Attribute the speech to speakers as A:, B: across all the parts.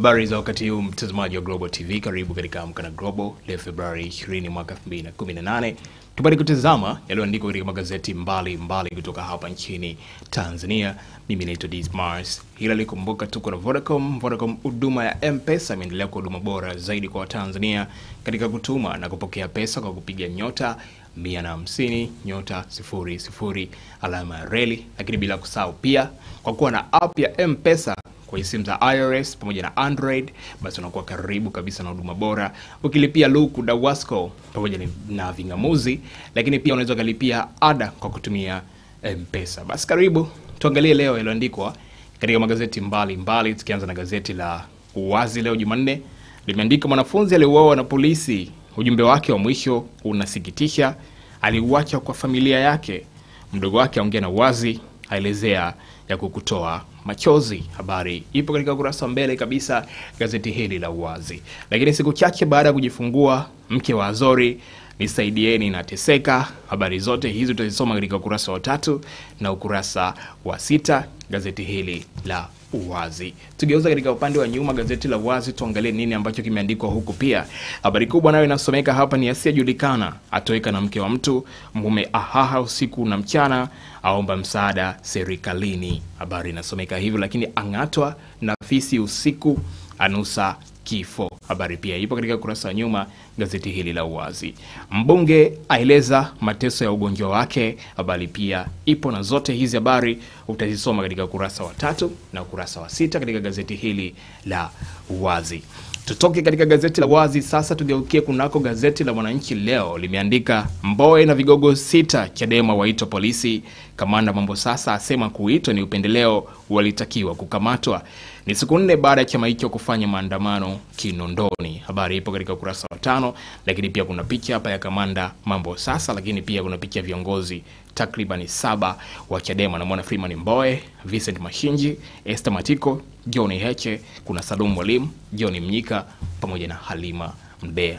A: Habari za wakati huu mtazamaji wa Global TV, karibu katika Amka na Global leo Februari 20 mwaka 2018. Tupate kutazama yaliyoandikwa katika magazeti mbalimbali mbali kutoka hapa nchini Tanzania. Mimi naitwa Dismars. Hila likumbuka, tuko na Vodacom. Vodacom, huduma ya Mpesa imeendelea kwa huduma bora zaidi kwa Watanzania katika kutuma na kupokea pesa kwa kupiga nyota 150 nyota 00 alama ya reli, lakini bila kusahau pia kwa kuwa na app ya M-Pesa kwenye simu za iOS pamoja na Android, basi unakuwa karibu kabisa na huduma bora ukilipia luku DAWASCO pamoja na vingamuzi, lakini pia unaweza ukalipia ada kwa kutumia M-Pesa. Basi karibu tuangalie leo yaliyoandikwa katika magazeti mbalimbali mbali, tukianza na gazeti la Uwazi leo Jumanne limeandika mwanafunzi aliuawa na polisi Ujumbe wake wa mwisho unasikitisha, aliuacha kwa familia yake. Mdogo wake aongea na uwazi, aelezea ya kukutoa machozi. Habari ipo katika ukurasa wa mbele kabisa gazeti hili la Uwazi. Lakini siku chache baada ya kujifungua mke wa Azori, nisaidieni na teseka. Habari zote hizi utazisoma katika ukurasa wa tatu na ukurasa wa sita gazeti hili la Uwazi. Tugeuza katika upande wa nyuma gazeti la Uwazi, tuangalie nini ambacho kimeandikwa huku. Pia habari kubwa nayo inasomeka hapa ni asiyejulikana atoweka na mke wa mtu, mume ahaha usiku na mchana, aomba msaada serikalini. Habari inasomeka hivyo, lakini ang'atwa na fisi usiku, anusa kifo. Habari pia ipo katika ukurasa wa nyuma gazeti hili la Uwazi. Mbunge aeleza mateso ya ugonjwa wake, habari pia ipo, na zote hizi habari utazisoma katika ukurasa wa tatu na ukurasa wa sita katika gazeti hili la Uwazi. Tutoke katika gazeti la Wazi sasa tugeukie kunako gazeti la Mwananchi leo limeandika Mbowe na vigogo sita Chadema waitwa polisi. Kamanda Mambo sasa asema kuitwa ni upendeleo, walitakiwa kukamatwa. Ni siku nne baada ya chama hicho kufanya maandamano Kinondoni. Habari ipo katika ukurasa wa tano, lakini pia kuna picha hapa ya kamanda Mambo Sasa, lakini pia kuna picha ya viongozi takribani saba wa Chadema na mwana Freeman Mbowe, Vincent Mashinji, Esther Matiko, John Heche, kuna Salum Mwalimu, John Mnyika pamoja na Halima Mdee.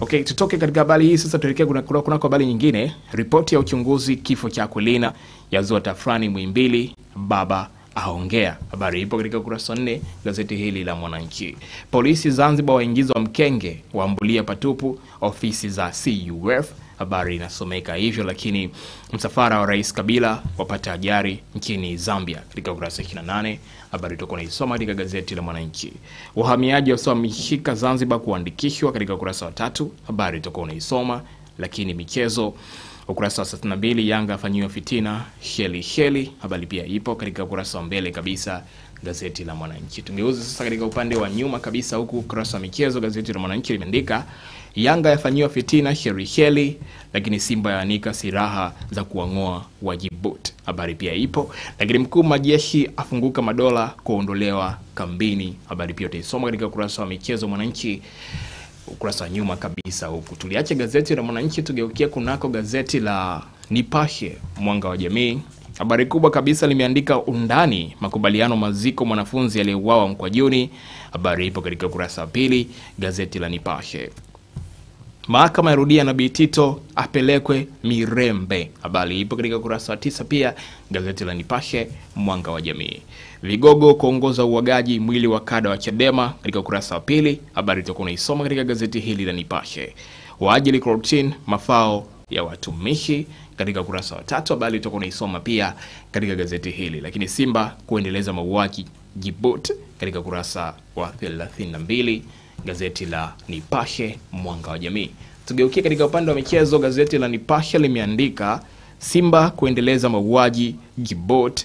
A: Okay, tutoke katika habari hii sasa, tuelekee kuna kuna habari nyingine. Ripoti ya uchunguzi kifo cha Akwilina yazua tafrani Muhimbili, baba aongea. Habari ipo katika ukurasa nne gazeti hili la Mwananchi. Polisi Zanzibar waingizwa mkenge, waambulia patupu ofisi za CUF habari inasomeka hivyo. Lakini msafara wa Rais Kabila wapata ajali nchini Zambia, katika ukurasa 28 habari tutakuwa naisoma katika gazeti la Mwananchi. Wahamiaji wasiohamishika Zanzibar kuandikishwa katika ukurasa wa tatu, habari tutakuwa naisoma. Lakini michezo Ukurasa wa 32 Yanga afanyiwa fitina heli heli, habari pia ipo katika ukurasa wa mbele kabisa gazeti la Mwananchi. Tungeuze sasa katika upande wa nyuma kabisa, huku ukurasa wa michezo, gazeti la Mwananchi limeandika Yanga yafanyiwa fitina heli heli, lakini Simba yaanika siraha za kuwang'oa Wajibut, habari pia ipo. Lakini mkuu majeshi afunguka madola kuondolewa kambini, habari pia utaisoma katika ukurasa wa michezo Mwananchi ukurasa wa nyuma kabisa huku. Tuliacha gazeti la Mwananchi, tugeukia kunako gazeti la Nipashe Mwanga wa Jamii. Habari kubwa kabisa limeandika undani, makubaliano maziko mwanafunzi aliyeuawa Mkwajuni. Habari ipo katika ukurasa wa pili, gazeti la Nipashe. Mahakama ya rudia Nabii Tito apelekwe Mirembe. Habari ipo katika ukurasa wa tisa, pia gazeti la Nipashe Mwanga wa Jamii. Vigogo kuongoza uwagaji mwili wa kada wa Chadema katika ukurasa wa pili, habari itakuwa unaisoma katika gazeti hili la Nipashe. Waajili kortini mafao ya watumishi katika ukurasa wa tatu, habari itakuwa unaisoma pia katika gazeti hili. Lakini Simba kuendeleza mauaji Jibuti katika ukurasa wa 32 gazeti la Nipashe mwanga wa jamii. Tugeukie katika upande wa michezo, gazeti la Nipashe limeandika Simba kuendeleza mauaji Gibot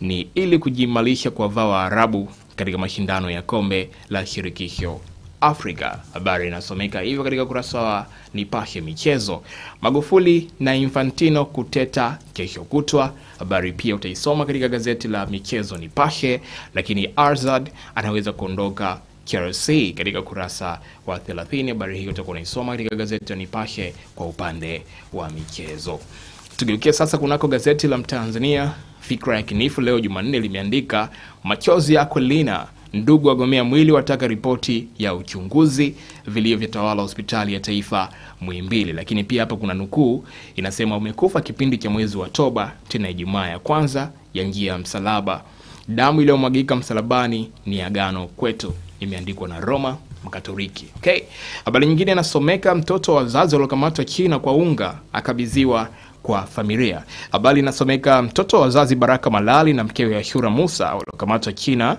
A: ni ili kujimalisha kwa vaa Waarabu katika mashindano ya kombe la shirikisho Afrika. Habari inasomeka hivyo katika ukurasa wa Nipashe michezo. Magufuli na Infantino kuteta kesho kutwa, habari pia utaisoma katika gazeti la michezo Nipashe. Lakini Arzad anaweza kuondoka KRC katika kurasa wa 30. Habari hiyo utakuwa unaisoma katika gazeti ya Nipashe kwa upande wa michezo. Tugeukia sasa kunako gazeti la Mtanzania Fikra ya Kinifu leo Jumanne limeandika machozi yako lina ndugu wagomea mwili wataka ripoti ya uchunguzi vilivyotawala hospitali ya taifa Muhimbili. Lakini pia hapa kuna nukuu inasema, umekufa kipindi cha mwezi wa toba, tena Ijumaa ya kwanza ya njia ya msalaba, damu iliyomwagika msalabani ni agano kwetu imeandikwa na Roma Mkatoliki. Okay, habari nyingine inasomeka, mtoto wa wazazi waliokamatwa China kwa unga akabidhiwa kwa familia. Habari inasomeka, mtoto wa wazazi Baraka Malali na mkewe Ashura Musa waliokamatwa China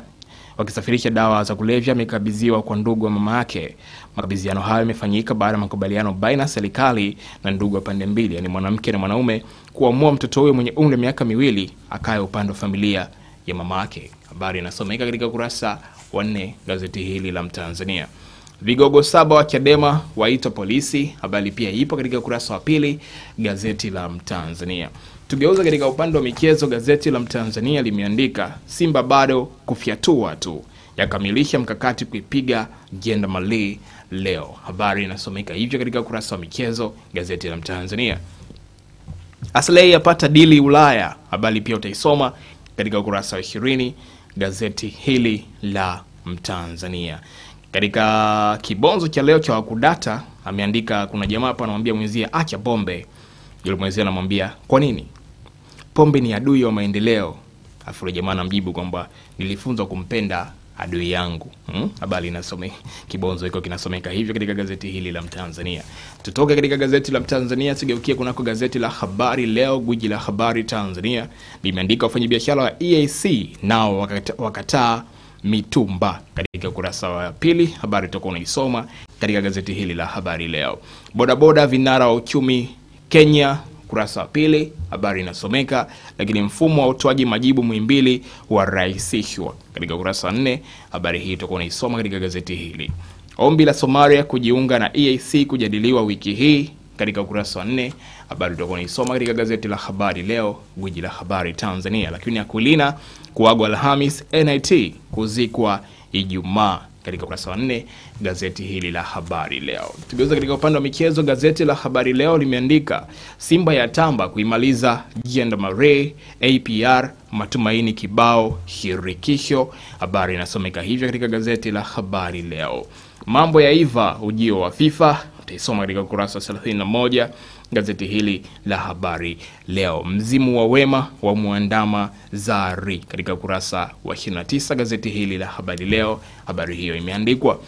A: wakisafirisha dawa za kulevya amekabidhiwa kwa ndugu wa mama yake. Makabidhiano hayo yamefanyika baada ya makubaliano baina ya serikali na ndugu wa pande mbili, yaani mwanamke na mwanaume, kuamua mtoto huyo mwenye umri wa miaka miwili akaye upande wa familia ya mama yake. Habari inasomeka katika kurasa wa nne gazeti hili la Mtanzania. Vigogo saba wa Chadema waita polisi, habari pia ipo katika ukurasa wa pili gazeti la Mtanzania. Tugeuza katika upande wa michezo, gazeti la Mtanzania limeandika Simba bado kufyatua tu, yakamilisha mkakati kuipiga jenda Mali leo. Habari inasomeka hivyo katika ukurasa wa michezo, gazeti la Mtanzania. Aslei yapata dili Ulaya, habari pia utaisoma katika ukurasa wa ishirini gazeti hili la Mtanzania. Katika kibonzo cha leo cha Wakudata ameandika, kuna jamaa hapa anamwambia mwenzie acha pombe, yule mwenzie anamwambia kwa nini? Pombe ni adui wa maendeleo. Afu jamaa anamjibu kwamba nilifunzwa kumpenda adui yangu hmm? habari hmm? Inasome kibonzo iko kinasomeka hivyo katika gazeti hili la Mtanzania. Tutoke katika gazeti la Mtanzania tugeukie kunako gazeti la Habari Leo, gwiji la habari Tanzania limeandika wafanyabiashara wa EAC nao wakata, wakataa mitumba katika ukurasa wa pili. Habari toko unaisoma katika gazeti hili la Habari Leo. Bodaboda vinara wa uchumi Kenya Ukurasa wa pili, habari inasomeka, lakini mfumo wa utoaji majibu Muhimbili warahisishwa. Katika ukurasa wa nne, habari hii itakuwa unaisoma katika gazeti hili. Ombi la Somalia kujiunga na EAC kujadiliwa wiki hii katika ukurasa wa nne habari utakuwa unaisoma katika gazeti la Habari Leo, gwiji la habari Tanzania. Lakini Akwilina kuagwa Alhamis, NIT kuzikwa Ijumaa katika ukurasa wa nne gazeti hili la Habari Leo. Tugeuza katika upande wa michezo, gazeti la Habari Leo limeandika Simba ya tamba kuimaliza Jeanmarie, APR matumaini kibao shirikisho. Habari inasomeka hivyo katika gazeti la Habari Leo. Mambo ya iva ujio wa FIFA utaisoma katika ukurasa wa 31 gazeti hili la Habari Leo. Mzimu wa wema wa mwandama Zari katika kurasa wa 29 gazeti hili la Habari Leo, habari hiyo imeandikwa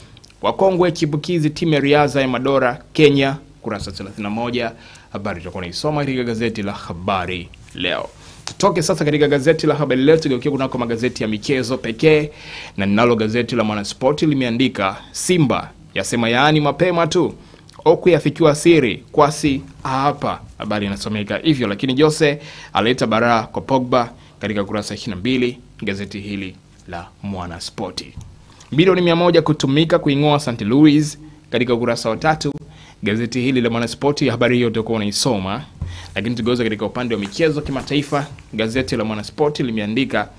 A: wakongwe chipukizi timu ya riadha ya Madora Kenya, kurasa 31. Habari tutakuwa naisoma katika gazeti la Habari Leo. Tutoke sasa katika gazeti la Habari Leo tugeukie kunako magazeti ya michezo pekee, na ninalo gazeti la Mwanaspoti limeandika Simba yasema yaani mapema tu okuyafikiwa siri kwasi hapa, habari inasomeka hivyo. Lakini Jose aleta baraa kwa Pogba katika kurasa 22 gazeti hili la Mwanaspoti. Milioni 1 kutumika kuing'oa St Louis katika ukurasa wa tatu gazeti hili la Mwanaspoti. Habari hiyo utakuwa unaisoma, lakini tugeuza katika upande wa michezo kimataifa. Gazeti la Mwanaspoti limeandika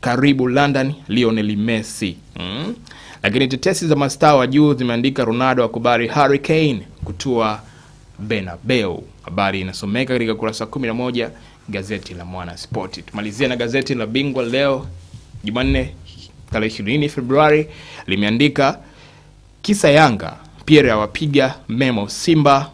A: karibu London, Lionel Messi mm. Lakini tetesi za mastaa wa juu zimeandika Ronaldo akubali Harry Kane kutua Bernabeu. Habari inasomeka katika kurasa 11 gazeti la Mwana Sport. Tumalizia na gazeti la Bingwa leo Jumanne tarehe 20 Februari limeandika kisa Yanga Pierre awapiga memo Simba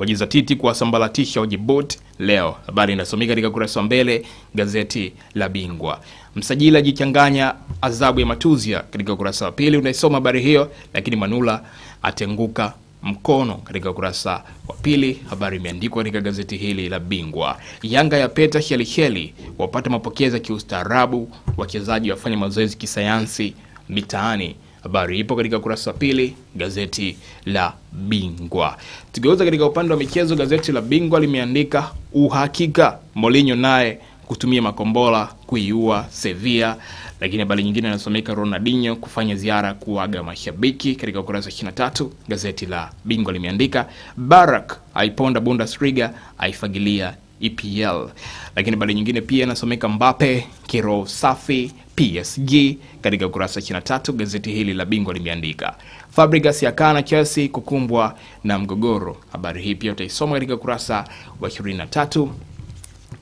A: wajizatiti kuwasambaratisha Wajibouti leo. Habari inasomika katika kurasa wa mbele gazeti la Bingwa. Msajili ajichanganya adhabu ya matuzia, katika ukurasa wa pili unaisoma habari hiyo, lakini Manula atenguka mkono katika ukurasa wa pili. Habari imeandikwa katika gazeti hili la Bingwa. Yanga ya peta shelisheli, wapata mapokezi ya kiustaarabu, wachezaji wafanya mazoezi kisayansi mitaani. Habari ipo katika kurasa pili gazeti la Bingwa. Tukigeuza katika upande wa michezo, gazeti la Bingwa limeandika uhakika Mourinho naye kutumia makombola kuiua Sevilla. Lakini habari nyingine inasomeka Ronaldinho kufanya ziara kuaga mashabiki. Katika ukurasa 23 gazeti la Bingwa limeandika Barak aiponda Bundesliga aifagilia EPL. Lakini habari nyingine pia inasomeka Mbappe kiro safi PSG katika ukurasa 23, gazeti hili la Bingwa limeandika. Fabregas yakana Chelsea kukumbwa na mgogoro. Habari hii pia utaisoma katika ukurasa wa 23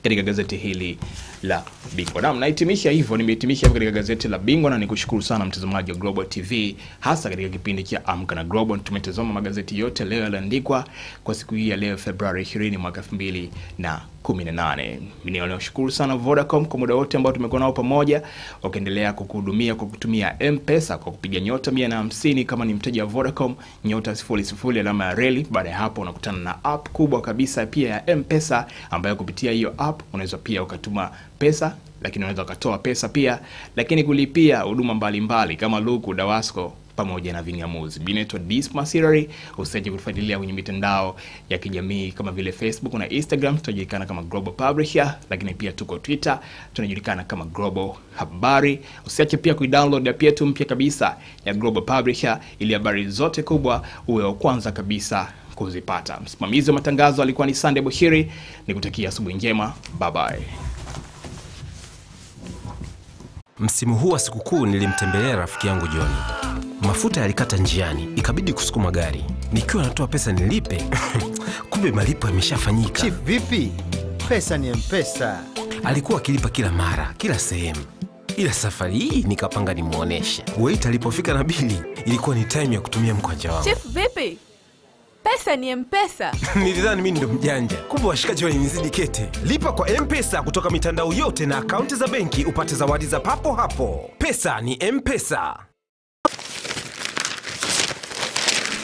A: katika gazeti hili la bingwa. Naam, nahitimisha hivyo, nimehitimisha hivyo katika gazeti la Bingwa, na nikushukuru sana mtazamaji wa Global TV, hasa katika kipindi cha Amka na Global. Tumetazama magazeti yote leo yaliandikwa kwa siku hii ya leo Februari 20 mwaka 20 na 18. Ninawashukuru sana Vodacom kwa muda wote ambao tumekuwa nao pamoja, wakiendelea kukuhudumia kwa kutumia Mpesa kwa kupiga nyota 150 kama ni mteja wa Vodacom, nyota 00 alama ya reli. Baada ya hapo, unakutana na app kubwa kabisa pia ya Mpesa, ambayo kupitia hiyo app unaweza pia ukatuma pesa lakini unaweza ukatoa pesa pia, lakini kulipia huduma mbalimbali kama Luku, Dawasco pamoja na Vingamuzi. Mimi naitwa Dismas Sirari, usije kufuatilia kwenye mitandao ya kijamii kama vile Facebook na Instagram, tunajulikana kama Global Publisher, lakini pia tuko Twitter, tunajulikana kama Global Habari. Usiache pia kuidownload app yetu mpya kabisa ya Global Publisher ili habari zote kubwa uwe wa kwanza kabisa kuzipata. Msimamizi wa matangazo alikuwa ni Sande Bushiri, nikutakia asubuhi njema. Bye bye. Msimu huu wa sikukuu nilimtembelea rafiki yangu John. Mafuta yalikata njiani, ikabidi kusukuma gari. Nikiwa natoa pesa nilipe, kumbe malipo yameshafanyika.
B: Chief, vipi? Pesa ni mpesa.
A: Alikuwa akilipa kila mara, kila sehemu ila safari hii nikapanga nimwoneshe. Wait alipofika na bili, ilikuwa ni taimu ya kutumia mkwanja wangu.
C: Chief, vipi? Pesa ni mpesa.
A: Nilidhani mimi ndo mjanja, kumbe washikaji walinizidi kete. Lipa kwa mpesa kutoka mitandao yote na akaunti za benki upate zawadi za papo hapo. Pesa ni mpesa.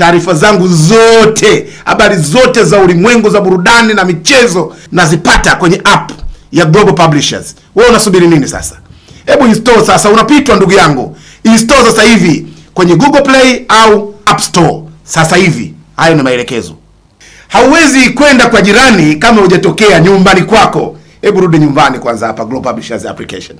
A: taarifa zangu zote, habari zote za ulimwengu, za burudani na michezo nazipata kwenye app ya Global Publishers. Wewe unasubiri nini sasa? Hebu install sasa, unapitwa ndugu yangu. Install sasa hivi kwenye Google Play au App Store sasa hivi. Hayo ni maelekezo. Hauwezi kwenda kwa jirani kama hujatokea nyumbani kwako. Hebu rudi nyumbani kwanza, hapa Global Publishers application.